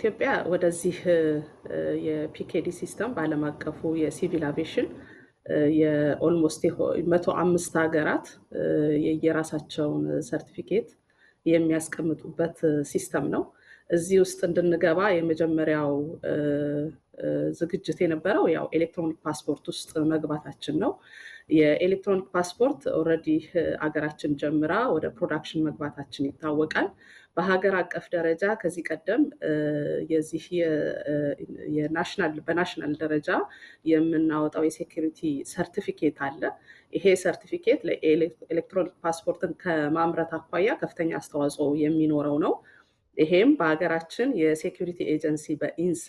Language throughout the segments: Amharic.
ኢትዮጵያ ወደዚህ የፒኬዲ ሲስተም በዓለም አቀፉ የሲቪል አቪዬሽን የኦልሞስት መቶ አምስት ሀገራት የየራሳቸውን ሰርቲፊኬት የሚያስቀምጡበት ሲስተም ነው። እዚህ ውስጥ እንድንገባ የመጀመሪያው ዝግጅት የነበረው ያው ኤሌክትሮኒክ ፓስፖርት ውስጥ መግባታችን ነው። የኤሌክትሮኒክ ፓስፖርት ኦልሬዲ አገራችን ጀምራ ወደ ፕሮዳክሽን መግባታችን ይታወቃል። በሀገር አቀፍ ደረጃ ከዚህ ቀደም የዚህ የናሽናል በናሽናል ደረጃ የምናወጣው የሴኪሪቲ ሰርቲፊኬት አለ። ይሄ ሰርቲፊኬት ለኤሌክትሮኒክ ፓስፖርትን ከማምረት አኳያ ከፍተኛ አስተዋጽኦ የሚኖረው ነው። ይሄም በሀገራችን የሴኪሪቲ ኤጀንሲ በኢንሳ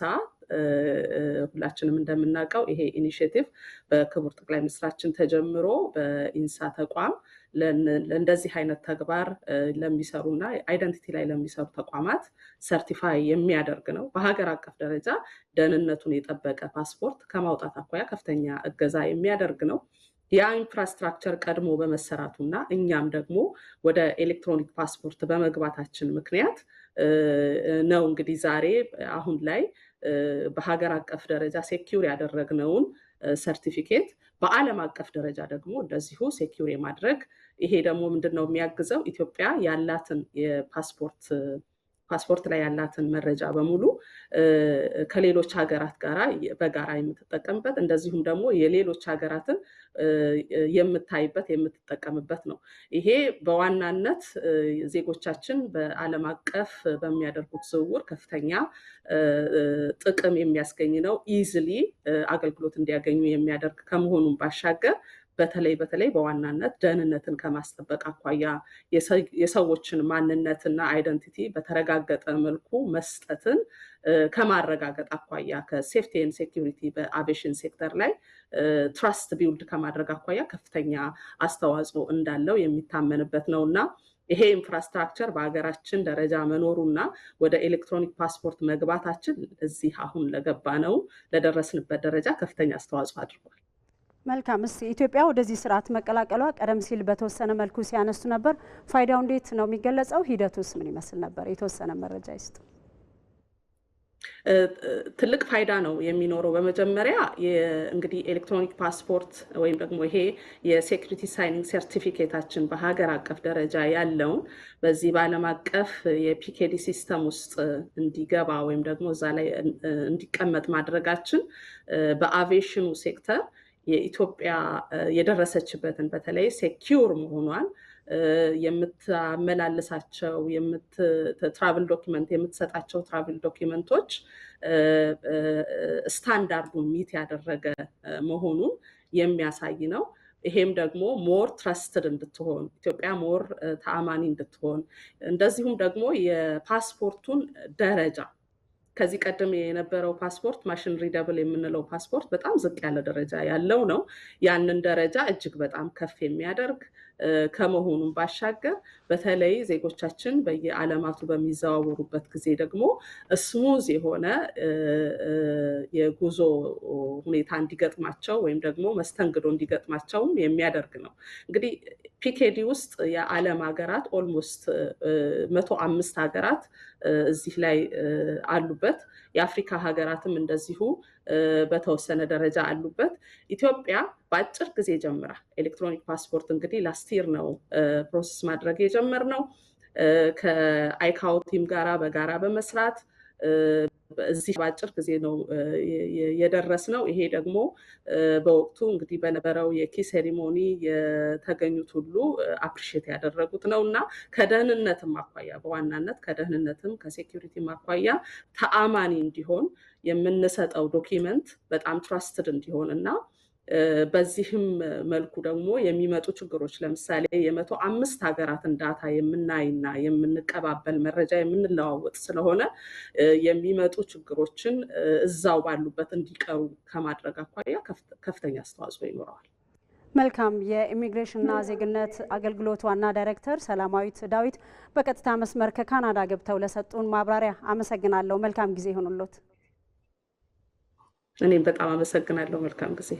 ሁላችንም እንደምናውቀው ይሄ ኢኒሽቲቭ በክቡር ጠቅላይ ሚኒስትራችን ተጀምሮ በኢንሳ ተቋም ለእንደዚህ አይነት ተግባር ለሚሰሩ እና አይደንቲቲ ላይ ለሚሰሩ ተቋማት ሰርቲፋይ የሚያደርግ ነው። በሀገር አቀፍ ደረጃ ደህንነቱን የጠበቀ ፓስፖርት ከማውጣት አኳያ ከፍተኛ እገዛ የሚያደርግ ነው። ያ ኢንፍራስትራክቸር ቀድሞ እና እኛም ደግሞ ወደ ኤሌክትሮኒክ ፓስፖርት በመግባታችን ምክንያት ነው እንግዲህ ዛሬ አሁን ላይ በሀገር አቀፍ ደረጃ ሴኪውር ያደረግነውን ሰርቲፊኬት በዓለም አቀፍ ደረጃ ደግሞ እንደዚሁ ሴኪሪ ማድረግ ይሄ ደግሞ ምንድን ነው የሚያግዘው ኢትዮጵያ ያላትን የፓስፖርት ፓስፖርት ላይ ያላትን መረጃ በሙሉ ከሌሎች ሀገራት ጋራ በጋራ የምትጠቀምበት እንደዚሁም ደግሞ የሌሎች ሀገራትን የምታይበት የምትጠቀምበት ነው። ይሄ በዋናነት ዜጎቻችን በዓለም አቀፍ በሚያደርጉት ዝውውር ከፍተኛ ጥቅም የሚያስገኝ ነው። ኢዝሊ አገልግሎት እንዲያገኙ የሚያደርግ ከመሆኑም ባሻገር በተለይ በተለይ በዋናነት ደህንነትን ከማስጠበቅ አኳያ የሰዎችን ማንነትና አይደንቲቲ በተረጋገጠ መልኩ መስጠትን ከማረጋገጥ አኳያ ከሴፍቲ ን ሴኪሪቲ በአቬሽን ሴክተር ላይ ትራስት ቢውልድ ከማድረግ አኳያ ከፍተኛ አስተዋጽኦ እንዳለው የሚታመንበት ነው እና ይሄ ኢንፍራስትራክቸር በሀገራችን ደረጃ መኖሩና ወደ ኤሌክትሮኒክ ፓስፖርት መግባታችን እዚህ አሁን ለገባ ነው ለደረስንበት ደረጃ ከፍተኛ አስተዋጽኦ አድርጓል። መልካም። እስቲ ኢትዮጵያ ወደዚህ ስርዓት መቀላቀሏ ቀደም ሲል በተወሰነ መልኩ ሲያነሱ ነበር። ፋይዳው እንዴት ነው የሚገለጸው? ሂደቱስ ምን ይመስል ነበር? የተወሰነ መረጃ ይስጥ። ትልቅ ፋይዳ ነው የሚኖረው። በመጀመሪያ እንግዲህ ኤሌክትሮኒክ ፓስፖርት ወይም ደግሞ ይሄ የሴኩሪቲ ሳይኒንግ ሰርቲፊኬታችን በሀገር አቀፍ ደረጃ ያለውን በዚህ በዓለም አቀፍ የፒኬዲ ሲስተም ውስጥ እንዲገባ ወይም ደግሞ እዛ ላይ እንዲቀመጥ ማድረጋችን በአቪዬሽኑ ሴክተር የኢትዮጵያ የደረሰችበትን በተለይ ሴኪውር መሆኗን የምታመላልሳቸው ትራቭል ዶኪመንት የምትሰጣቸው ትራቭል ዶኪመንቶች ስታንዳርዱን ሚት ያደረገ መሆኑን የሚያሳይ ነው። ይሄም ደግሞ ሞር ትረስትድ እንድትሆን ኢትዮጵያ ሞር ተአማኒ እንድትሆን እንደዚሁም ደግሞ የፓስፖርቱን ደረጃ ከዚህ ቀደም የነበረው ፓስፖርት ማሽን ሪደብል የምንለው ፓስፖርት በጣም ዝቅ ያለ ደረጃ ያለው ነው። ያንን ደረጃ እጅግ በጣም ከፍ የሚያደርግ ከመሆኑም ባሻገር በተለይ ዜጎቻችን በየዓለማቱ በሚዘዋወሩበት ጊዜ ደግሞ ስሙዝ የሆነ የጉዞ ሁኔታ እንዲገጥማቸው ወይም ደግሞ መስተንግዶ እንዲገጥማቸውም የሚያደርግ ነው። እንግዲህ ፒኬዲ ውስጥ የዓለም ሀገራት ኦልሞስት መቶ አምስት ሀገራት እዚህ ላይ አሉበት። የአፍሪካ ሀገራትም እንደዚሁ በተወሰነ ደረጃ አሉበት። ኢትዮጵያ በአጭር ጊዜ ጀምራ ኤሌክትሮኒክ ፓስፖርት እንግዲህ ላስቲር ነው ፕሮሰስ ማድረግ የጀመርነው ከአይካኦ ቲም ጋራ በጋራ በመስራት እዚህ በአጭር ጊዜ ነው የደረስ ነው። ይሄ ደግሞ በወቅቱ እንግዲህ በነበረው የኪ ሴሪሞኒ የተገኙት ሁሉ አፕሪሼት ያደረጉት ነው እና ከደህንነትም አኳያ በዋናነት ከደህንነትም ከሴኪሪቲ አኳያ ተአማኒ እንዲሆን የምንሰጠው ዶኪመንት በጣም ትራስትድ እንዲሆን እና በዚህም መልኩ ደግሞ የሚመጡ ችግሮች ለምሳሌ የመቶ አምስት ሀገራትን ዳታ የምናይና የምንቀባበል መረጃ የምንለዋወጥ ስለሆነ የሚመጡ ችግሮችን እዛው ባሉበት እንዲቀሩ ከማድረግ አኳያ ከፍተኛ አስተዋጽኦ ይኖረዋል። መልካም። የኢሚግሬሽንና ዜግነት አገልግሎት ዋና ዳይሬክተር ሰላማዊት ዳዊት በቀጥታ መስመር ከካናዳ ገብተው ለሰጡን ማብራሪያ አመሰግናለሁ። መልካም ጊዜ ይሆኑሎት። እኔም በጣም አመሰግናለሁ። መልካም ጊዜ